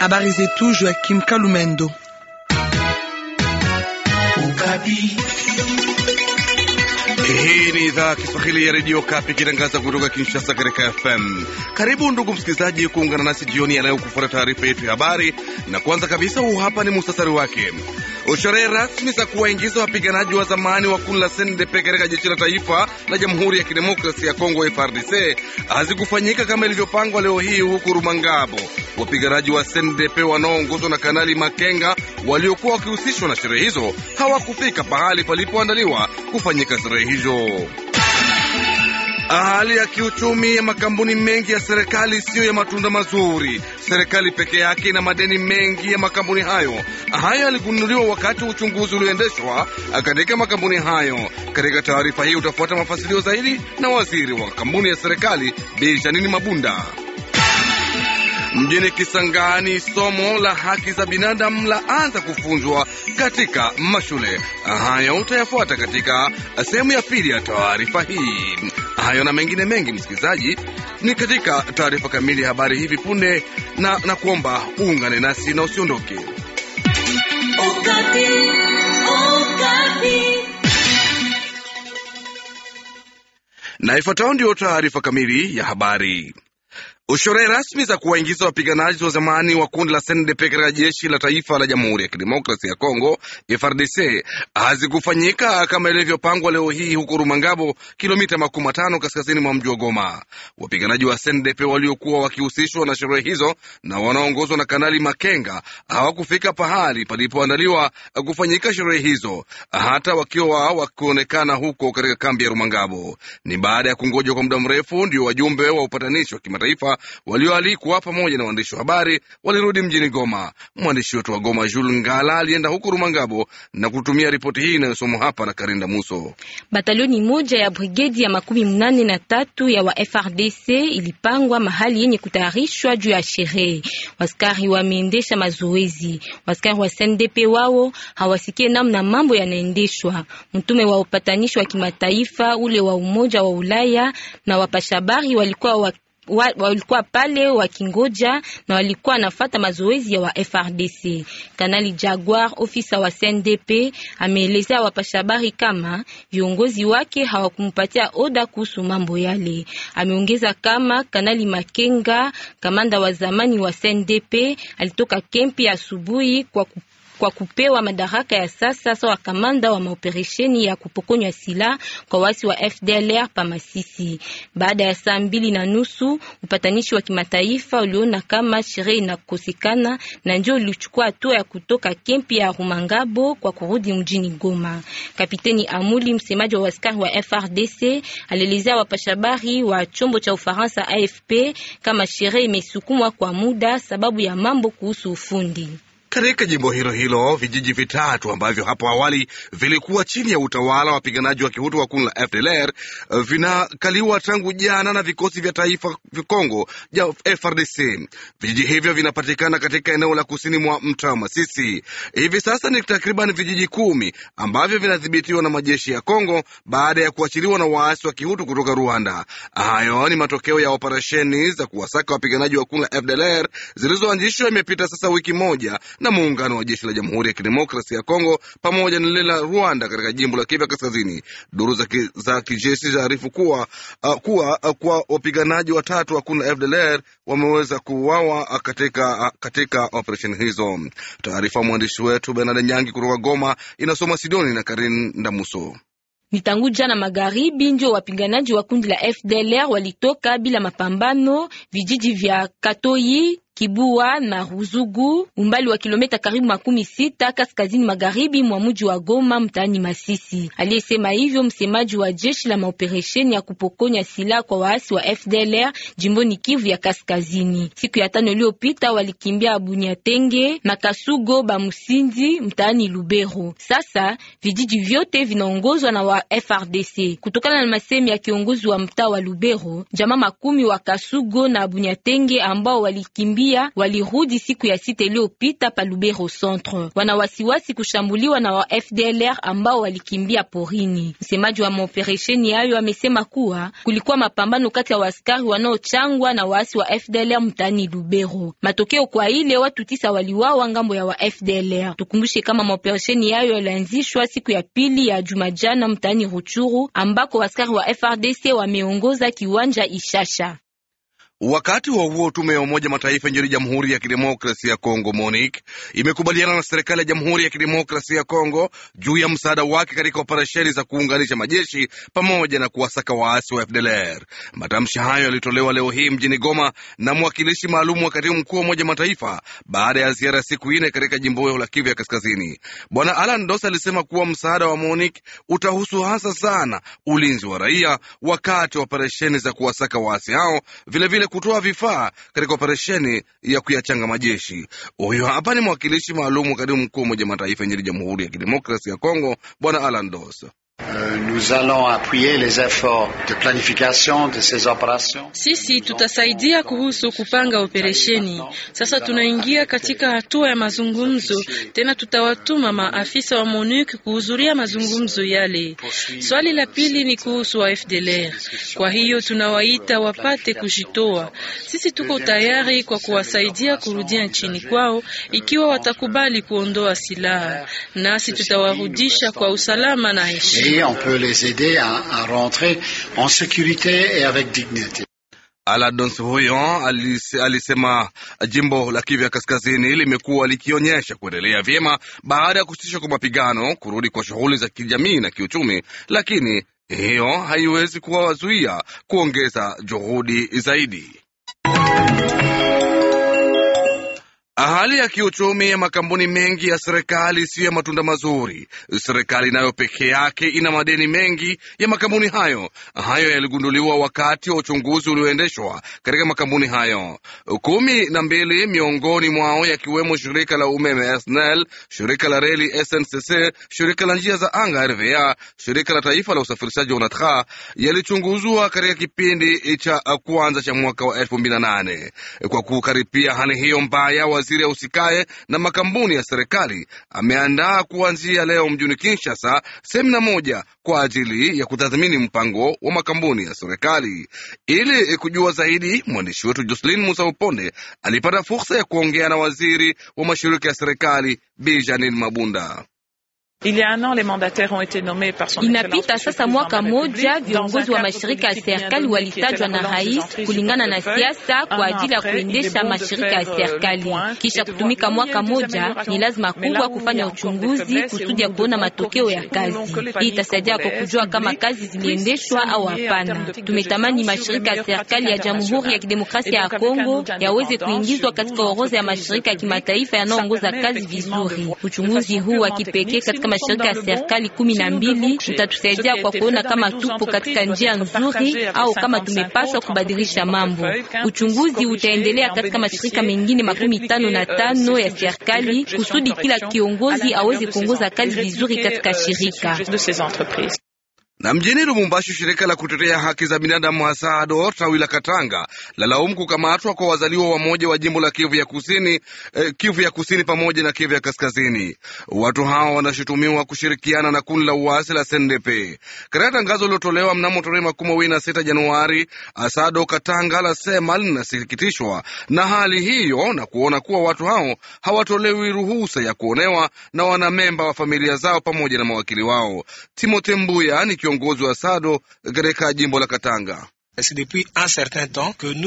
Habari zetu Joakim Kalumendo. Hii ni idhaa Kiswahili ya redio Kapi ikitangaza kutoka Kinshasa katika FM. Karibu ndugu msikilizaji, kuungana nasi jioni yanayokufuata taarifa yetu ya habari, na kwanza kabisa huu hapa ni muhtasari wake. Sherehe rasmi za kuwaingiza wapiganaji wa zamani wa kundi la SNDP katika jeshi la taifa la Jamhuri ya Kidemokrasia ya Kongo frdc hazikufanyika kama ilivyopangwa leo hii huku Rumangabo. Wapiganaji wa SNDP wanaoongozwa na Kanali Makenga waliokuwa wakihusishwa na sherehe hizo hawakufika pahali palipoandaliwa kufanyika sherehe hizo. Ah, hali ya kiuchumi ya makampuni mengi ya serikali siyo ya matunda mazuri. Serikali peke yake ina madeni mengi ya makampuni hayo. hayo yaligunduliwa wakati wa uchunguzi ulioendeshwa ah, katika makampuni hayo. Katika taarifa hii utafuata mafasilio zaidi na waziri wa kampuni ya serikali Bi Janini Mabunda. Mjini Kisangani, somo la haki za binadamu laanza kufunzwa katika mashule. hayo utayafuata katika ah, sehemu ya pili ya taarifa hii. Hayo na mengine mengi, msikilizaji, ni katika taarifa kamili ya habari hivi punde, na na kuomba uungane nasi na usiondoke. Na ifuatayo ndiyo taarifa kamili ya habari. Sherehe rasmi za kuwaingiza wapiganaji wa zamani wa kundi la SNDP katika jeshi la taifa la Jamhuri ya kidemokrasi ya Kongo frdc hazikufanyika kama ilivyopangwa leo hii huko Rumangabo, kilomita makumi matano kaskazini mwa mji wa Goma. Wapiganaji wa SNDP waliokuwa wakihusishwa na sherehe hizo na wanaoongozwa na Kanali Makenga hawakufika pahali palipoandaliwa kufanyika sherehe hizo, hata wakiwa wakionekana huko katika kambi ya Rumangabo. Ni baada ya kungoja kwa muda mrefu ndio wajumbe wa upatanishi wa kimataifa walioalikwa pamoja na waandishi wa habari walirudi mjini Goma. Mwandishi wetu wa Goma, Jules Ngala, alienda huko Rumangabo na kutumia ripoti hii inayosomwa hapa na Karinda Muso. Batalioni moja ya brigedi ya makumi mnane na tatu ya wa FRDC ilipangwa mahali yenye kutayarishwa juu ya sherehe. Waskari wameendesha mazoezi. Waskari wa SNDP wao hawasikie namna mambo yanaendeshwa. Mtume wa upatanishi wa kimataifa ule wa Umoja wa Ulaya na wapashabari walikuwa wa walikuwa pale wakingoja na walikuwa wanafata mazoezi ya wa FRDC. Kanali Jaguar, ofisa wa CNDP, ameelezea wapashabari kama viongozi wake hawakumpatia oda kuhusu mambo yale. Ameongeza kama Kanali Makenga, kamanda wa zamani wa CNDP, alitoka kempi asubuhi kwa kwa kupewa madaraka ya sasa sawa kamanda wa maoperesheni ya kupokonywa silaha kwa wasi wa FDLR pa Masisi. Baada ya saa mbili na nusu upatanishi wa kimataifa uliona kama sherehe inakosekana na ndio ulichukua hatua ya kutoka kempi ya Rumangabo kwa kurudi mjini Goma. Kapiteni Amuli, msemaji wa askari wa FRDC, alielezea wapashabari wa chombo cha Ufaransa AFP kama sherehe imesukumwa kwa muda sababu ya mambo kuhusu ufundi. Katika jimbo hilo hilo vijiji vitatu ambavyo hapo awali vilikuwa chini ya utawala wa wapiganaji wa kihutu wa kundi la FDLR eh, vinakaliwa tangu jana na vikosi vya taifa vya Kongo ya FRDC. Vijiji hivyo vinapatikana katika eneo la kusini mwa mtaa wa Masisi. Hivi sasa ni takriban vijiji kumi ambavyo vinadhibitiwa na majeshi ya Kongo baada ya kuachiliwa na waasi wa kihutu kutoka Rwanda. Hayo ni matokeo ya operesheni za kuwasaka wapiganaji wa kundi la FDLR zilizoanzishwa imepita sasa wiki moja na na muungano wa jeshi la Jamhuri ya Kidemokrasia ya Kongo pamoja na lile la Rwanda katika jimbo la Kivu Kaskazini. Duru za, ki, za kijeshi zaarifu kuwa uh, kuwa uh, kwa wapiganaji watatu wa kundi la FDLR wameweza kuuawa uh, katika, uh, katika operesheni hizo. Taarifa mwandishi wetu Bernard Nyangi kutoka Goma inasoma Sidoni na Karin Ndamuso. Ni tangu jana magharibi ndio wapiganaji wa kundi la FDLR walitoka bila mapambano vijiji vya Katoi Kibua na Ruzugu, umbali wa kilomita karibu makumi sita kaskazini magharibi mwa mji wa Goma mtaani Masisi. Aliyesema hivyo msemaji wa jeshi la maoperesheni ya kupokonya silaha kwa waasi wa FDLR jimboni Kivu ya kaskazini. Siku ya tano iliyopita walikimbia Bunyatenge na Kasugo Bamusinzi mtaani Lubero. Sasa vijiji vyote vinaongozwa na wa FRDC. Kutokana na masemi ya kiongozi wa mtaa wa Lubero, jamaa makumi wa Kasugo na Bunyatenge ambao walikimbia raia walirudi siku ya sita iliyopita pa Lubero Centre. wasiwasi kushambuliwa na wa FDLR ambao walikimbia porini. Msemaji wa maoperesheni hayo amesema kuwa kulikuwa mapambano kati ya waaskari wanaochangwa na waasi wa FDLR mtaani Lubero. Matokeo kwa ile watu tisa waliwawa ngambo ya wa FDLR. Tukumbushe kama maoperesheni hayo yalianzishwa siku ya pili ya Jumajana mtaani Ruchuru ambako waaskari wa FRDC wameongoza kiwanja Ishasha. Wakati wa huo tume ya Umoja Mataifa nchini Jamhuri ya Kidemokrasia ya Kongo MONUC imekubaliana na serikali ya Jamhuri ya Kidemokrasia ya Kongo juu ya msaada wake katika operesheni za kuunganisha majeshi pamoja na kuwasaka waasi wa FDLR. Matamshi hayo yalitolewa leo hii mjini Goma na mwakilishi maalum wa katibu mkuu wa Umoja Mataifa baada ya ziara ya siku nne katika jimbo la Kivu ya Kaskazini. Bwana Alan Dos alisema kuwa msaada wa MONUC utahusu hasa sana ulinzi wa raia wakati wa operesheni za kuwasaka waasi hao vilevile kutoa vifaa katika operesheni ya kuyachanga majeshi. Huyo hapa ni mwakilishi maalum wa katibu mkuu wa Umoja Mataifa nchini Jamhuri ya Kidemokrasi ya Kongo, Bwana Alan Dos. Euh, nous allons appuyer les efforts de planification de ces operations. Sisi tutasaidia kuhusu kupanga operesheni. Sasa tunaingia katika hatua ya mazungumzo, tena tutawatuma maafisa wa MONUC kuhudhuria mazungumzo yale. Swali la pili ni kuhusu wa FDLR. Kwa hiyo tunawaita wapate kujitoa. Sisi tuko tayari kwa kuwasaidia kurudia nchini kwao ikiwa watakubali kuondoa silaha. Nasi tutawarudisha kwa usalama na heshima pays, on peut les aider à, à rentrer en sécurité et avec dignité. Aladons huyo alisema jimbo la Kivu ya kaskazini limekuwa likionyesha kuendelea vyema baada ya kusitishwa kwa mapigano, kurudi kwa shughuli za kijamii na kiuchumi, lakini hiyo haiwezi kuwazuia kuongeza juhudi zaidi. Hali ya kiuchumi ya makampuni mengi ya serikali siyo ya matunda mazuri. Serikali nayo peke yake ina madeni mengi ya makampuni hayo. Hayo yaligunduliwa wakati wa uchunguzi ulioendeshwa katika makampuni hayo kumi na mbili, miongoni mwao yakiwemo shirika la umeme SNEL, shirika la reli SNCC, shirika la njia za anga RVA, shirika la taifa la usafirishaji UNATRA yalichunguzwa katika kipindi cha kwanza cha mwaka wa elfu mbili na nane. Kwa kukaripia hali hiyo mbaya waziri usikae na makampuni ya serikali ameandaa kuanzia leo mjini Kinshasa semina moja kwa ajili ya kutathmini mpango wa makampuni ya serikali. Ili kujua zaidi, mwandishi wetu joselin Musa Uponde alipata fursa ya kuongea na waziri wa mashirika ya serikali Bi Mabunda. Inapita sasa mwaka moja viongozi wa mashirika ya serikali walitajwa na rais kulingana na siasa kwa ajili ya kuendesha mashirika ya serikali. Kisha kutumika mwaka moja, ni lazima kubwa kufanya uchunguzi kusudi ya kuona matokeo ya kazi hii. Itasaidia kwa kujua kama kazi ziliendeshwa au hapana. Tumetamani mashirika ya serikali ya Jamhuri ya Kidemokrasia ya Kongo yaweze kuingizwa katika orodha ya mashirika ya kimataifa yanayoongoza kazi vizuri. Uchunguzi huu wa kipekee katika katika mashirika ya serikali kumi na mbili utatusaidia kwa kuona kama tupo katika njia nzuri au kama tumepaswa kubadilisha mambo. Uchunguzi utaendelea katika mashirika mengine makumi tano na euh, tano ya serikali kusudi kila kiongozi aweze kuongoza kazi vizuri katika euh, shirika. Na mjini Lubumbashi, shirika la kutetea haki za binadamu hasa ADO tawi la Katanga lalaumu kukamatwa kwa wazaliwa wamoja wa jimbo la Kivu ya Kusini, eh, Kivu ya Kusini pamoja na Kivu ya Kaskazini. Watu hawa wanashutumiwa kushirikiana na kundi la uasi la SNDP. Katika tangazo lilotolewa mnamo tarehe makumi mawili na sita Januari, ASADO Katanga lasema linasikitishwa na hali hiyo na kuona kuwa watu hao hawatolewi ruhusa ya kuonewa na wanamemba wa familia zao pamoja na mawakili wao. Timote Mbuya ni kiongozi wa SADO katika jimbo la Katanga.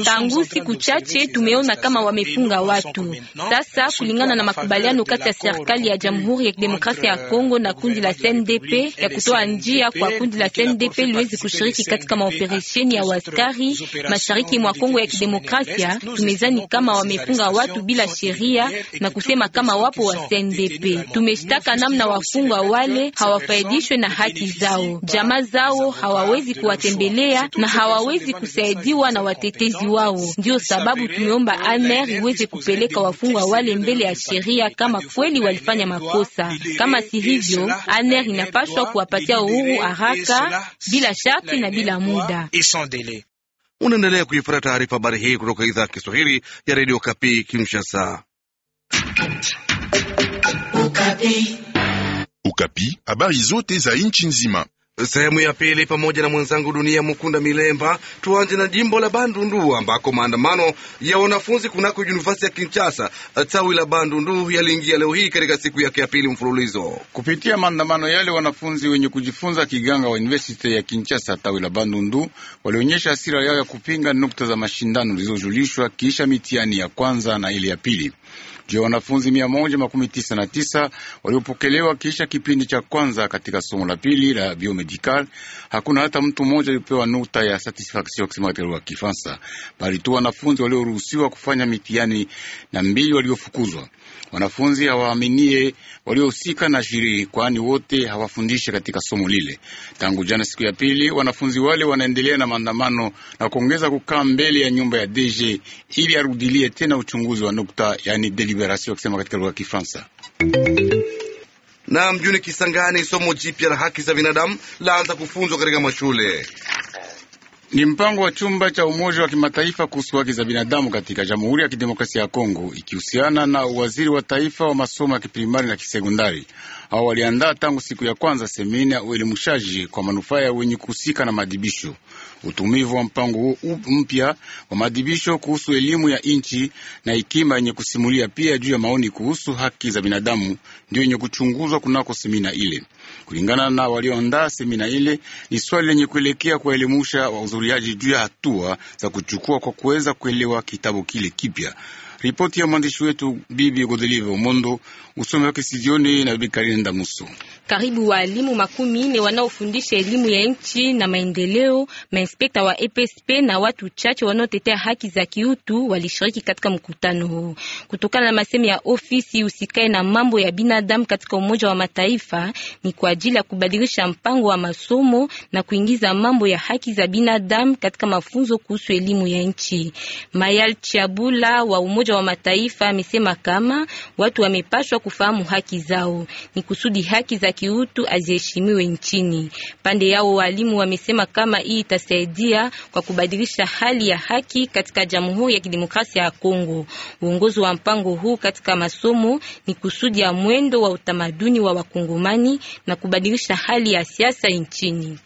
Tangu siku chache tumeona kama wamefunga watu. Sasa kulingana na makubaliano kati ya serikali ya Jamhuri ya kidemokrasia ya Kongo na kundi la CNDP ya kutoa njia kwa kundi la CNDP liwezi kushiriki katika maoperesheni ya waskari mashariki mwa Kongo ya Kidemokrasia, tumezani kama wamefunga watu bila sheria na kusema kama wapo wa CNDP. Tumeshtaka namna wafungwa wale hawafaidishwe na haki zao, jamaa zao hawawezi kuwatembelea na hawawezi hawawezi kusaidiwa na watetezi wao. Ndio sababu tumeomba aner iweze kupeleka wafungwa wale mbele ya sheria kama kweli walifanya makosa. Kama si hivyo, AMER inapaswa kuwapatia uhuru haraka, bila sharti na bila muda. Unaendelea kuifuata taarifa habari hii kutoka idhaa ya Kiswahili ya redio Kapi Kinshasa. Ukapi, habari zote za nchi nzima Sehemu ya pili pamoja na mwenzangu Dunia Mukunda Milemba. Tuanze na jimbo la Bandundu ambako maandamano ya wanafunzi kunako yunivasiti ya Kinshasa tawi la Bandundu yaliingia leo hii katika siku yake ya pili mfululizo. Kupitia maandamano yale, wanafunzi wenye kujifunza kiganga wa university ya Kinshasa tawi la Bandundu walionyesha hasira yao ya kupinga nukta za mashindano zilizojulishwa kisha mitihani ya kwanza na ile ya pili juu ya wanafunzi mia moja makumi tisa na tisa waliopokelewa kisha kipindi cha kwanza katika somo la pili la biomedical. Hakuna hata mtu mmoja aliopewa nota ya satisfaction kusema katika lugha ya Kifaransa, bali tu wanafunzi walioruhusiwa kufanya mitihani na mbili waliofukuzwa. Wanafunzi hawaaminie waliohusika na shiriki, kwani wote hawafundishe katika somo lile. Tangu jana siku ya pili, wanafunzi wale wanaendelea na maandamano na kuongeza kukaa mbele ya nyumba ya DG ili arudilie tena uchunguzi wa nukta, yani lugha rasmi wakisema katika lugha ya Kifaransa na mjuni Kisangani, somo jipya la haki za binadamu laanza kufunzwa katika mashule. Ni mpango wa chumba cha Umoja wa Kimataifa kuhusu haki za binadamu katika Jamhuri ya Kidemokrasia ya Kongo, ikihusiana na uwaziri wa taifa wa masomo ya kiprimari na kisekondari. Hao waliandaa tangu siku ya kwanza semina ya uelimushaji kwa manufaa ya wenye kuhusika na madibisho. Utumivu wa mpango mpya wa madibisho kuhusu elimu ya nchi na hekima yenye kusimulia pia juu ya maoni kuhusu haki za binadamu ndio yenye kuchunguzwa kunako semina ile. Kulingana na walioandaa semina ile, ni swali lenye kuelekea kuwaelimusha wahudhuriaji juu ya hatua za kuchukua kwa kuweza kuelewa kitabu kile kipya. Ripoti ya mwandishi wetu Bibi Godelive Omondo, usomi wake Sidioni na Bibi Karine Ndamuso. Karibu waalimu makumi nne wanaofundisha elimu ya nchi na maendeleo, mainspekta wa EPSP na watu chache wanaotetea haki za kiutu walishiriki katika mkutano huu. Kutokana na masemi ya ofisi usikae na mambo ya binadamu katika Umoja wa Mataifa, ni kwa ajili ya kubadilisha mpango wa masomo na kuingiza mambo ya haki za binadamu katika mafunzo kuhusu elimu ya nchi. Mayal Chiabula wa Umoja Umoja wa Mataifa amesema kama watu wamepashwa kufahamu haki zao, ni kusudi haki za kiutu aziheshimiwe nchini. Pande yao walimu wamesema kama hii itasaidia kwa kubadilisha hali ya haki katika Jamhuri ya Kidemokrasia ya Kongo. Uongozi wa mpango huu katika masomo ni kusudi ya mwendo wa utamaduni wa Wakongomani na kubadilisha hali ya siasa nchini.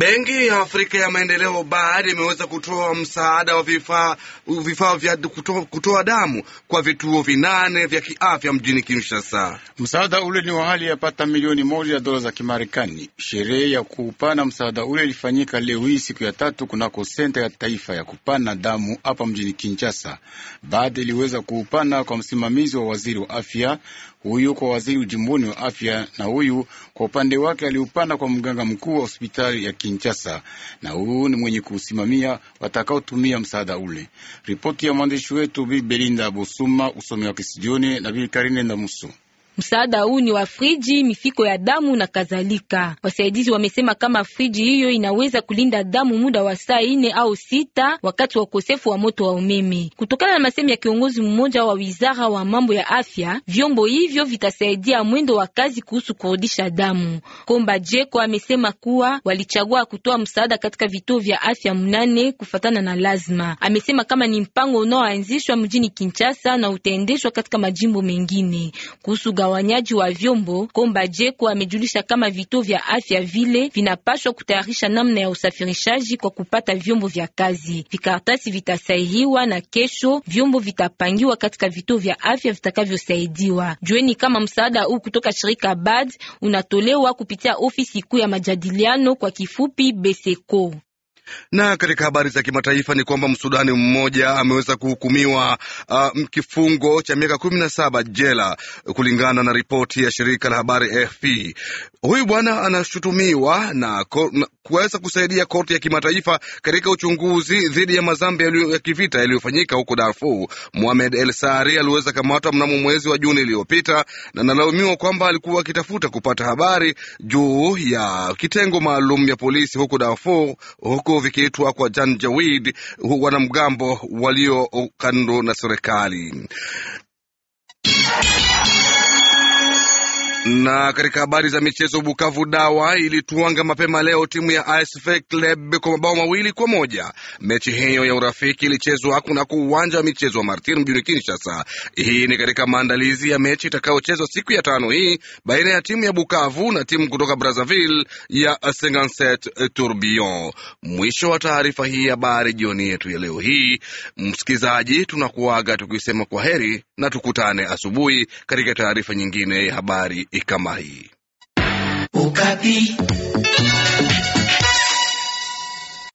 Benki ya Afrika ya Maendeleo baada imeweza kutoa msaada wa vifaa vifaa vya kutoa, kutoa damu kwa vituo vinane vya kiafya mjini Kinshasa. Msaada ule ni wa hali ya pata milioni moja ya dola za Kimarekani. Sherehe ya kuupana msaada ule ilifanyika leo hii siku ya tatu kunako senta ya taifa ya kupana damu hapa mjini Kinshasa. Baada iliweza kuupana kwa msimamizi wa waziri wa afya huyu kwa waziri ujimboni wa afya, na huyu kwa upande wake aliupana kwa mganga mkuu wa hospitali ya Kinshasa. Kinshasa, na huu ni mwenye kuusimamia watakaotumia msaada ule. Ripoti ya mwandishi wetu Bi Belinda Bosuma, usomi wa Kisijioni na Bi Karine Ndamuso. Msaada huu ni wa friji, mifiko ya damu na kadhalika. Wasaidizi wamesema kama friji hiyo inaweza kulinda damu muda wa saa ine au sita wakati wa ukosefu wa moto wa umeme. Kutokana na masemi ya kiongozi mmoja wa wizara wa mambo ya afya, vyombo hivyo vitasaidia mwendo wa kazi kuhusu kurudisha damu. Komba Jeko amesema kuwa walichagua kutoa msaada katika vituo vya afya mnane kufatana na lazima. Amesema kama ni mpango unaoanzishwa mjini Kinshasa na utaendeshwa katika majimbo mengine kuhusu ugawanyaji wa vyombo. Komba Jeko amejulisha kama vituo vya afya vile vinapaswa kutayarisha namna ya usafirishaji kwa kupata vyombo vya kazi. Vikaratasi vitasahihiwa na kesho vyombo vitapangiwa katika vituo vya afya vitakavyosaidiwa. Jueni kama msaada huu kutoka shirika BAD unatolewa kupitia ofisi kuu ya majadiliano kwa kifupi BESECO. Na katika habari za kimataifa ni kwamba msudani mmoja ameweza kuhukumiwa uh, kifungo cha miaka kumi na saba jela kulingana na ripoti ya shirika la habari AFP. Huyu bwana anashutumiwa na kuweza kusaidia korti ya kimataifa katika uchunguzi dhidi ya mazambi ya kivita yaliyofanyika huko Darfur. Mohamed El Sari aliweza kamatwa mnamo mwezi wa Juni iliyopita na analaumiwa kwamba alikuwa akitafuta kupata habari juu ya kitengo maalum ya polisi huko Darfur huko vikiitwa kwa Janjaweed, wanamgambo walio kando na serikali. Na katika habari za michezo, Bukavu Dawa ilituanga mapema leo timu ya ASV Club kwa mabao mawili kwa moja. Mechi hiyo ya urafiki ilichezwa kunako uwanja wa michezo wa Martir mjini Kinshasa. Hii ni katika maandalizi ya mechi itakayochezwa siku ya tano hii baina ya timu ya Bukavu na timu kutoka Brazzaville ya Senganset eh, Tourbillon. Mwisho wa taarifa hii habari jioni yetu ya leo hii, msikilizaji, tunakuaga tukisema kwa heri na tukutane asubuhi katika taarifa nyingine ya habari kama Ukati.